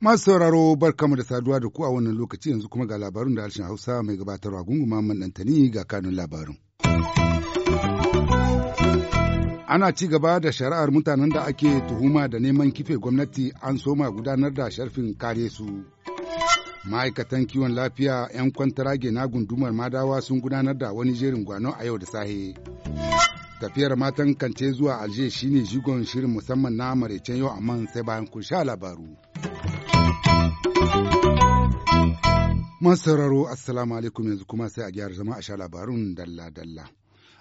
Masu sauraro barkamu da saduwa da ku a wannan lokaci yanzu kuma ga labarun da harshen Hausa mai gabatarwa gunguma man ɗantani ga kanun labarun. ana ci gaba da shari'ar mutanen da ake tuhuma da neman kife gwamnati an soma gudanar da sharfin kare su. ma'aikatan kiwon lafiya 'yan kwantarage na gundumar madawa sun gudanar da wani jerin gwano a yau da sahe tafiyar matan kance zuwa alje shine jigon shirin musamman na maraicen yau amma sai bayan kun sha labaru masararo assalamu alaikum yanzu kuma sai a gyara zama a sha labarun dalla-dalla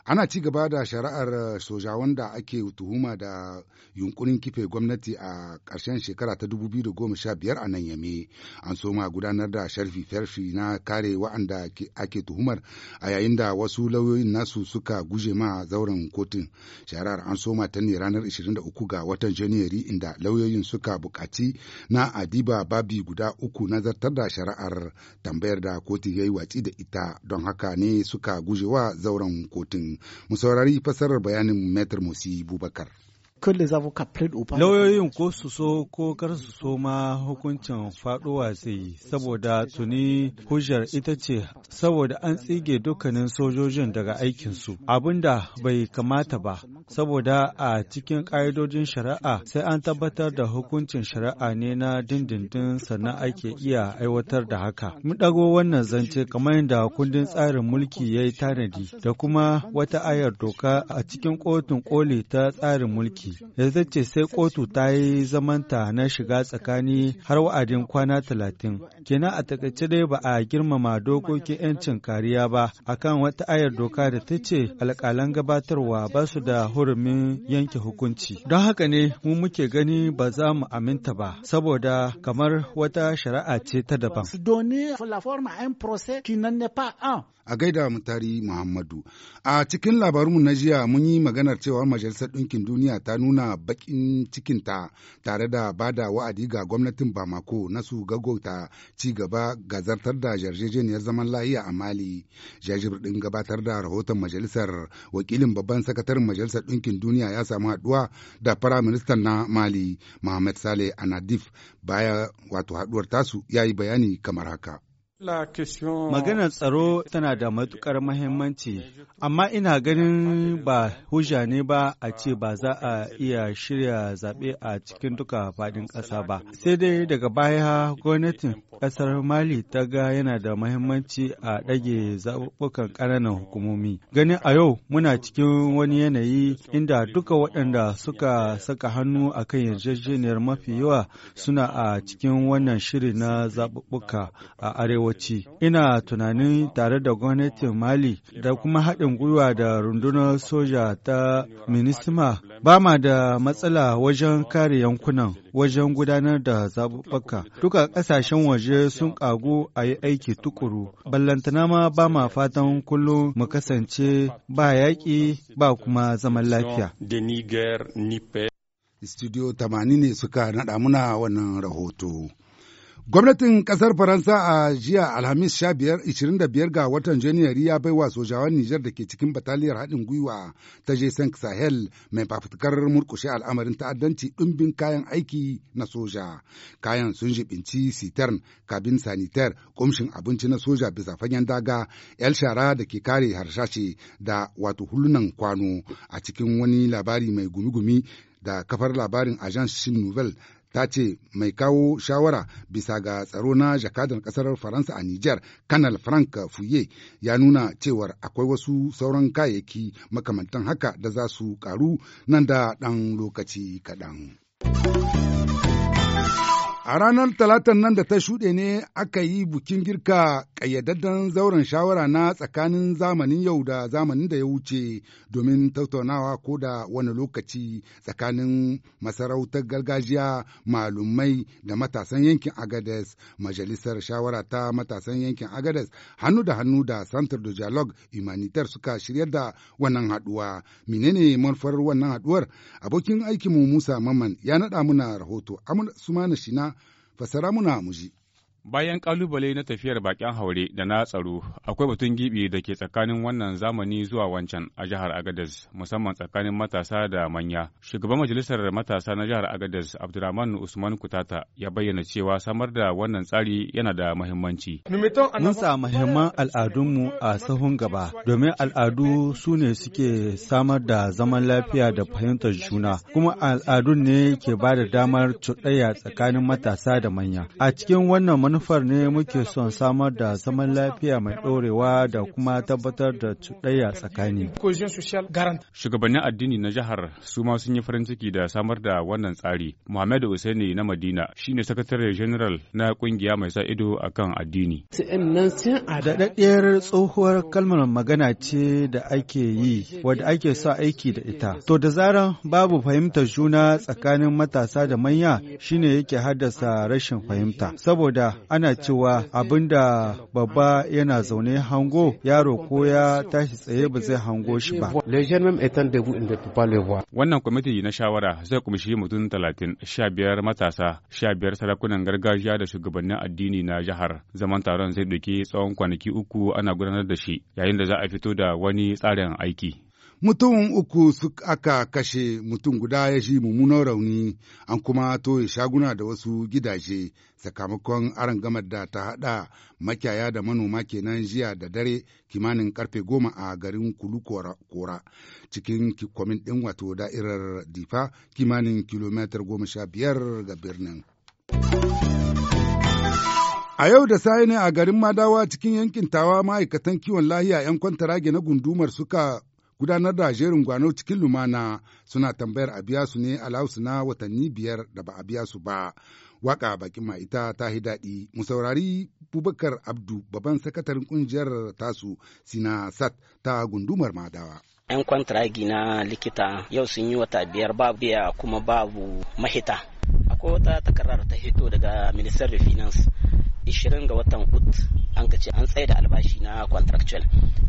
ana ci gaba da shari'ar eh, soja wanda ake tuhuma da yunkurin kife gwamnati a karshen shekara ta 2015 a nan yame an soma gudanar da sharfi farfi na kare wa'anda ake tuhumar a yayin da wasu lauyoyin nasu suka guje ma zauren kotun shari'ar an soma ta ne ranar 23 ga watan janairu inda lauyoyin suka buƙaci na adiba babi guda uku nazartar da shari'ar tambayar da kotun ya yi watsi da ita don haka ne suka guje wa zauren kotun mu saurari fasarar bayanin Metar Musi Bubakar. kulle les lauyoyin ko su so ko kar su so ma hukuncin faduwa sai saboda tuni hujjar ita ce saboda an tsige dukkanin sojojin daga aikinsu abinda bai kamata ba saboda a cikin ƙa'idojin shari'a sai an tabbatar da hukuncin shari'a ne na dindindin sannan ake iya aiwatar da haka mun ɗago wannan zance kamar yadda kundin tsarin mulki ya yi tanadi da kuma wata ayar doka a cikin kotun koli ta tsarin mulki aiki. Ita ce sai kotu ta yi zamanta na shiga tsakani har wa'adin kwana talatin. Kenan a takaice dai ba a girmama dokokin 'yancin kariya ba akan wata ayar doka da ta ce alƙalan gabatarwa ba su da hurumin yanke hukunci. Don haka ne mu muke gani ba za mu aminta ba saboda kamar wata shari'a ce ta daban. A gaida tari Muhammadu. A cikin labarunmu na jiya mun yi maganar cewa Majalisar Ɗinkin Duniya ta nuna bakin cikinta tare da bada wa'adi ga gwamnatin Bamako na su gagota ci gaba ga zartar da yarjejeniyar zaman lahiya a Mali. Jajibir din gabatar da rahoton majalisar wakilin babban sakataren majalisar ɗinkin duniya ya samu haɗuwa da fara-ministan na Mali Mohamed Saleh Anadif baya wato haɗuwar tasu ya yi bayani kamar haka. Maganar tsaro tana da matukar mahimmanci, amma ina ganin ba hujja ne ba a ce ba za a iya shirya zaɓe a cikin duka faɗin ƙasa ba. Sai dai daga baya gwamnatin ƙasar Mali ta ga yana da mahimmanci a ɗage zaɓuɓɓukan ƙananan hukumomi. Ganin a yau muna cikin wani yanayi inda duka waɗanda suka saka hannu a kan yarjejeniyar mafi yawa suna a cikin wannan shiri na zaɓuɓɓuka a arewa. arewaci. Ina tunanin tare da gwamnatin Mali da kuma haɗin gwiwa da rundunar soja ta Minisma ba ma da matsala wajen kare yankunan wajen gudanar da zaɓuɓɓuka. Duka ƙasashen waje sun ƙagu a yi aiki tukuru. Ballantana ma ba ma fatan kullum mu kasance ba yaƙi ba kuma zaman lafiya. Studio 80 ne suka naɗa muna wannan rahoto. Gwamnatin ƙasar Faransa a jiya Alhamis 25 ga watan Janairu ya baiwa sojawan Nijar da ke cikin bataliyar haɗin gwiwa ta Jason Sahel mai fafutukar murkushe al'amarin ta'addanci ɗumbin kayan aiki na soja. Kayan sun jibinci sitern, kabin saniter ƙumshin abinci na soja bisa fagen daga, ‘yal shara da ke kare harshashe da wato hulunan kwano a cikin wani labari mai gumi-gumi da kafar labarin agence shin nouvelle ta ce mai kawo shawara bisa ga tsaro na jakadar kasar Faransa a niger Kanal Frank Fuye ya nuna cewar akwai wasu sauran kayayyaki makamantan haka da za su karu nan da ɗan lokaci kaɗan. A ranar talatan nan da ta shuɗe ne aka yi bukin girka ƙayyadaddan zauren shawara na tsakanin zamanin yau da zamanin da ya wuce domin tattaunawa ko da wani lokaci tsakanin masarautar gargajiya malumai da matasan yankin Agades, majalisar shawara ta matasan yankin Agades hannu da hannu da Santar da Dialogue Humanitar suka shiryar da wannan haɗuwa. Menene manufar wannan haɗuwar? Abokin aikinmu Musa Maman ya naɗa muna rahoto, Amina Sumana Shina fassara muna muji. Bayan ƙalubale na tafiyar bakin haure da na tsaro, akwai batun gibi da ke tsakanin wannan zamani zuwa wancan a jihar Agadez, musamman tsakanin matasa da manya. Shugaban majalisar matasa na jihar Agadez, Abdulrahman Usman Kutata, ya bayyana cewa samar da wannan tsari yana da mahimmanci. Mun sa mahimman al'adunmu a sahun gaba, domin al'adu su ne suke samar da zaman lafiya da fahimtar juna, kuma al'adun ne ke ba da damar cuɗaya tsakanin matasa da manya. A cikin wannan manufar ne muke son samar da zaman lafiya mai ɗorewa da kuma tabbatar da cuɗayya tsakani. Shugabannin addini na jihar su ma sun yi farin ciki da samar da wannan tsari. Muhammad Usaini na Madina shi ne sakatare general na ƙungiya mai sa ido akan addini. Daɗaɗɗiyar tsohuwar kalmar magana ce da ake yi wadda ake sa aiki da ita. To da zaran babu fahimtar juna tsakanin matasa da manya shine yake haddasa rashin fahimta. Saboda ana cewa abin da babba yana zaune hango yaro ko ya tashi tsaye ba zai hango shi ba. Wannan kwamiti na shawara zai kumshi mutum talatin sha biyar matasa sha biyar sarakunan gargajiya da shugabannin addini na jihar. Zaman taron zai ɗauki tsawon kwanaki uku ana gudanar da shi yayin da za a fito da wani tsarin aiki. mutum uku su aka kashe mutum guda ya shi mummunan rauni an kuma toye shaguna da wasu gidaje sakamakon gamar da ta haɗa makiyaya da manoma kenan jiya da dare kimanin karfe goma a garin kulu kora cikin kwamin ɗin wato da'irar difa kimanin kilomitar goma sha biyar ga birnin. A yau da sai ne a garin Madawa cikin yankin tawa ma'aikatan kiwon lahiya 'yan kwantarage na gundumar suka gudanar da jerin gwano cikin lumana suna tambayar a biya su ne a na watanni biyar da ba a biya su ba. Waka bakin ma ita ta yi daɗi. Mu saurari Bubakar Abdu, babban sakataren ƙungiyar tasu Sinasat ta gundumar Madawa. 'Yan kwantiragi na likita yau sun yi wata biyar babu biya kuma babu mahita. Akwai wata takarar ta hito daga Ministar da Finance 20 ga watan Ut an ka ce an tsaye da albashi na contractual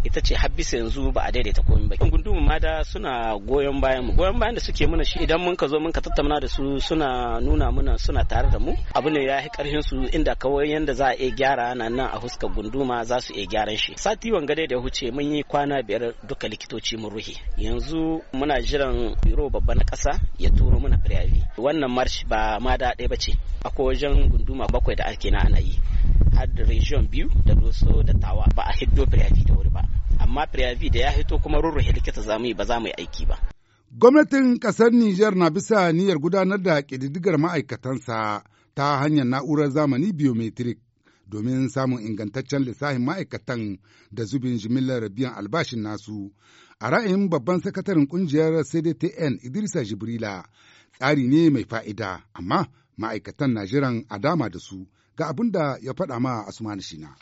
ita ce bisa yanzu ba a daidaita komai ba gunduma ma da suna goyon bayan mu goyon bayan da suke muna shi idan mun ka zo mun ka tattauna da su suna nuna muna suna tare da mu abu ne ya yi karshen su inda kawai yanda za a iya gyara nan nan a huskar gunduma za su iya gyaran shi sati wanga da ya huce mun yi kwana biyar duka likitoci mun ruhe yanzu muna jiran biro babba na kasa ya turo muna firyavi wannan march ba ma da ɗaya ba ce akwai wajen gunduma bakwai da ake na ana yi har da region biyu da doso da tawa ba a hiddo priyavi da wuri ba amma priyavi da ya hito kuma rurruhe likita za yi ba za mu yi aiki ba Gwamnatin ƙasar Nijar na bisa niyyar gudanar da ƙididdigar ma'aikatansa ta hanyar na'urar zamani biometric domin samun ingantaccen lissafin ma'aikatan da zubin jimillar biyan albashin nasu. A ra'ayin babban sakataren ƙungiyar CDTN Idrisa Jibrila, tsari ne mai fa'ida, amma ma'aikatan na jiran a dama da su ga abin da ya faɗa ma Asmanu Shina.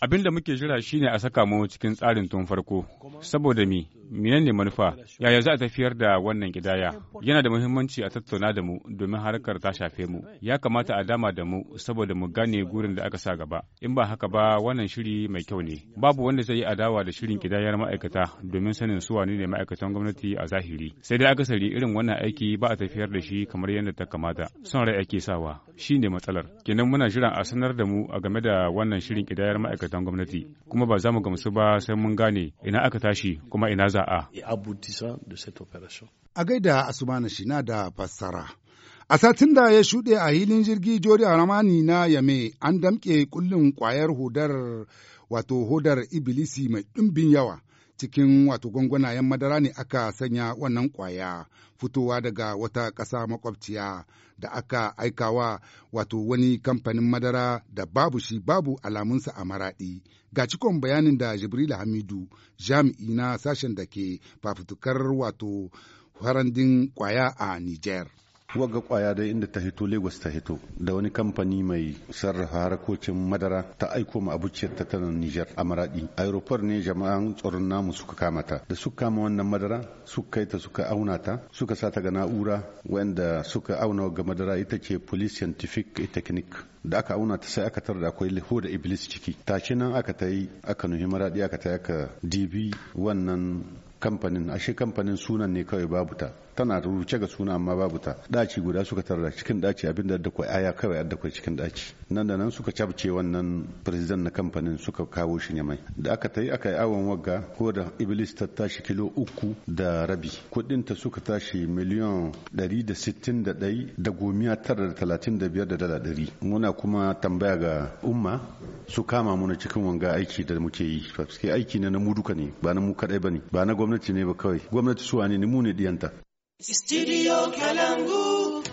Abin da muke jira shi ne a saka mu cikin tsarin tun farko, saboda mi, minan ne manufa, yaya za a tafiyar da wannan gidaya. Yana da muhimmanci a tattauna da mu domin harkar ta shafe mu. Ya kamata a dama da mu saboda mu gane gurin da aka sa gaba. In ba haka ba wannan shiri mai kyau ne. Babu wanda zai yi adawa da shirin gidayar ma'aikata domin sanin su wane ne ma'aikatan gwamnati a zahiri. Sai dai akasari irin wannan aiki ba a tafiyar da shi kamar yadda ta kamata. Son rai ake sawa, shi ne matsalar. Kenan muna jiran a sanar da mu a game da wannan shirin kidayar ma'aikatan gwamnati kuma ba za mu gamsu ba sai mun gane ina aka tashi kuma ina za a. A gaida shi Shina da fassara. A satin da ya shuɗe a hilin jirgi Jori Ramani na Yame an damƙe kullum ƙwayar hodar wato hodar Ibilisi mai ɗumbin yawa. cikin wato gwangwanayen madara ne aka sanya wannan kwaya fitowa daga wata ƙasa makwabciya da aka aikawa wato wani kamfanin madara da babu shi babu alamunsa a maraɗi. Ga cikon bayanin da Jibril Hamidu jami'i na sashen da ke fafutukar wato harandin ƙwaya a Nijar. wagga kwaya dai inda ta hito lagos ta hito da wani kamfani mai sarrafa harkokin madara ta aiko ma abuciyar ta tanar niger a maradi aeroport ne jama'an tsoron namu suka kama ta da suka kama wannan madara suka kai ta suka auna ta suka sa ta ga na'ura wanda suka auna ga madara ita ce police scientific et technique da aka auna ta sai aka tarda akwai liho da iblis ciki tashi nan aka ta yi aka nuhi maradi aka ta aka dibi wannan kamfanin ashe kamfanin sunan ne kawai babu ta tana rubuce ga suna amma babu ta daci guda suka tarra cikin daci abinda da kwai aya kawai da kwai cikin daci nan da nan suka cabce wannan president na kamfanin suka kawo shi ne mai da aka tayi aka yi awon wagga ko da iblis ta tashi kilo uku da rabi kudin ta suka tashi miliyan ɗari da sittin da ɗai da gomiya tara da talatin da biyar da dala ɗari muna kuma tambaya ga umma su kama muna cikin wanga aiki da muke yi aiki ne na mu duka ne ba na mu kaɗai ba ne ba na gwamnati ne ba kawai gwamnati suwa ne mu ne diyanta Studio Kalangu.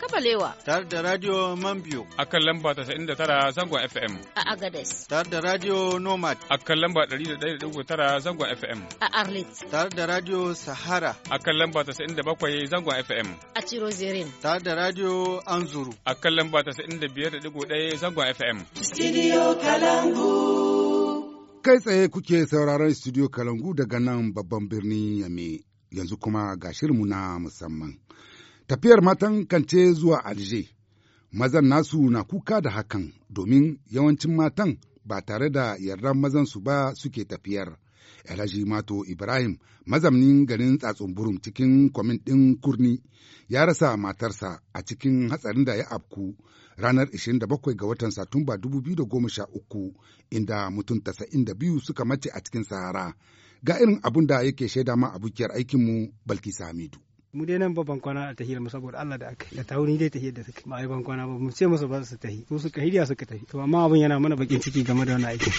Kabalewa. Tare da Radio Mambio. A kan lamba tara zangon FM. A Agades. Tare da Radio Nomad. A kan lamba tara zangon FM. A Arlit. Tare da Radio Sahara. A kan lamba bakwai zangon FM. A Chirozirin. Tare da Radio Anzuru. A kan lamba biyar 95.1 zangon FM. Studio Kalangu. Kai tsaye kuke sauraron Studio Kalangu daga nan babban birnin Yame. Yanzu kuma ga shirmu na musamman. Tafiyar matan kance zuwa Alje, mazan nasu na kuka da hakan domin yawancin matan ba tare da yardar su ba suke tafiyar. Alhaji Mato Ibrahim, mazamnin garin Tsatsunburum cikin kwamin ɗin Kurni, ya rasa matarsa a cikin hatsarin da ya afku ranar 27 ga watan Satumba 2013, inda mutum 92 suka mace a cikin Sahara. Ga irin abin da yake shaida ma abokiyar aikinmu Balki Samidu. mu dai nan ba bankwana a tahiyar mu saboda Allah da aka da tauni dai tahiyar da suka ba ai bankwana ba mu ce musu ba su tahi su suka hidiya suka tafi to amma abun yana mana bakin ciki game da wannan aikin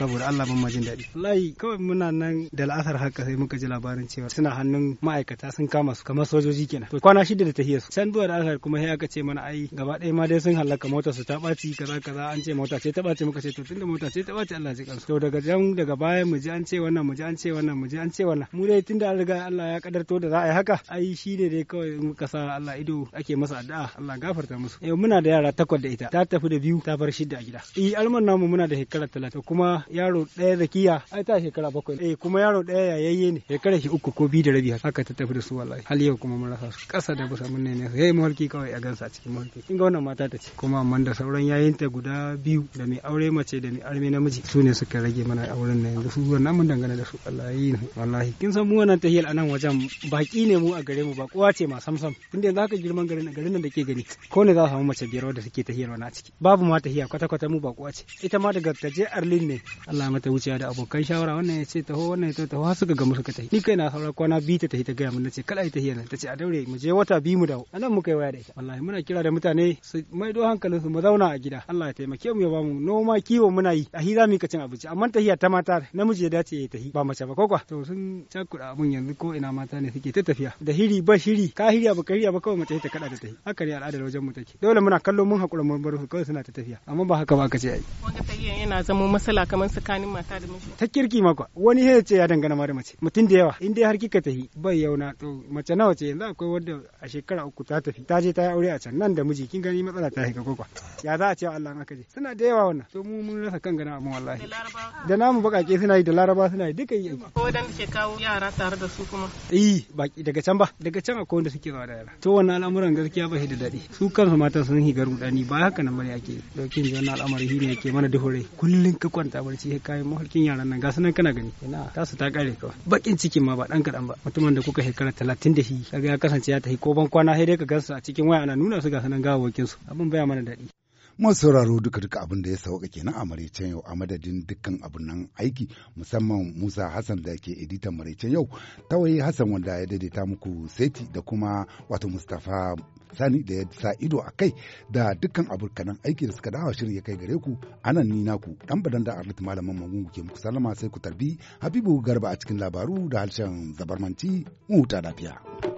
saboda Allah ban majin daɗi wallahi kawai muna nan da la'asar haka sai muka ji labarin cewa suna hannun ma'aikata sun kama su kamar sojoji kenan to kwana shida da tahiyar su san zuwa da asar kuma sai aka ce mana ai gaba ɗaya ma dai sun halaka motar su ta ɓaci kaza kaza an ce mota ce ta ɓaci muka ce to tunda mota ce ta ɓaci Allah ji kansu to daga jan daga baya mu ji an ce wannan mu ji an ce wannan mu ji an ce wannan mu dai tunda an riga Allah ya kadarto da za a yi haka ai shi ne dai kawai muka sa Allah ido ake masa addu'a Allah gafarta musu yau muna da yara takwas da ita ta tafi da biyu ta bar shida a gida eh namu muna da shekara talatin kuma yaro ɗaya zakiya ai ta shekara bakwai eh kuma yaro ɗaya yayayye ne shekara shi uku ko biyu da rabi haka ta tafi da su wallahi hal yau kuma mun rasa su ƙasa da busa mun ne yayi mahalki kawai a gansa a cikin mahalki kinga wannan mata ta ce kuma amman da sauran yayinta guda biyu da mai aure mace da mai arme namiji su ne suka rage mana auren nan yanzu su wannan mun dangana da su wallahi wallahi kin san mu wannan tahiyal anan wajen baki ne mu a gare mu ba kowa ce ma samsam tunda yanzu haka girman garin garin nan da ke gani ko ne za samu mace biyar wadda suke tahiyar wani a ciki babu ma tahiya kwata kwata mu ba kowa ce ita ma daga ta je arlin ne Allah mata wuciya da abokan shawara wannan ya ce taho wannan ya taho har suka gamu suka tafi ni kai na saura kwana biyu ta tafi ta gaya mun nace kada ai tafiya nan tace a daure mu je wata biyu mu dawo anan muka yi waya da ita wallahi muna kira da mutane su maido hankalin su mu zauna a gida Allah ya taimake mu ya bamu noma kiwo muna yi a hira mu ka cin abinci amma hiya ta mata namiji ya dace ya tafi ba mace ba kokwa to sun cakuɗa mun yanzu ko ina mata ne suke ta tafiya da hiri ba shiri ka hiriya ba ka hiriya ba kawai mace ta kada ta tafi haka ne al'adar wajen mu take dole muna kallo mun hakura mun bar su kawai suna ta tafiya amma ba haka ba ka ce ai wanda tafiyan yana zama masala kamar kamar tsakanin mata da miji ta kirki maka wani ya ce ya dangana ma da mace mutum da yawa in dai har kika tafi bai yauna to mace nawa ce yanzu akwai wanda a shekara uku ta tafi ta je ta yi aure a can nan da miji kin gani matsala ta shiga kwakwa ya za a ce Allah maka je suna da yawa wannan to mu mun rasa kan gana amma wallahi da namu bakake suna yi da laraba suna yi duka yi ko wadan ke kawo yara tare da su kuma eh baki daga can ba daga can akwai wanda suke zuwa da yara to wannan al'amuran gaskiya ba shi da dadi su kansu matan sun higa rudani ba haka nan bane ake dokin wannan al'amari ne yake mana duhure kullun ka kwanta barci sai kayan mahalkin yaran nan gasu nan kana gani ina su ta kare kawai bakin ciki ma ba dan kadan ba mutumin da kuka shekara 30 da shi kaga ya kasance ya tafi ko ban kwana sai dai ka gansu a cikin waya ana nuna su gasu nan gawawakin su abin baya mana dadi masu sauraro duka duka abin da ya sauka kenan a maraicen yau a madadin dukkan abin nan aiki musamman musa hassan da ke editan maraicen yau tawaye hassan wanda ya daidaita muku seti da kuma wato mustapha sani da ya sa ido a kai da dukkan abokanan aiki da suka dawo shirin ya kai gare ku anan ni naku dan badan da arlit malaman mangungu ke muku sallama sai ku tarbi habibu garba a cikin labaru da harshen zabarmanci mu huta lafiya.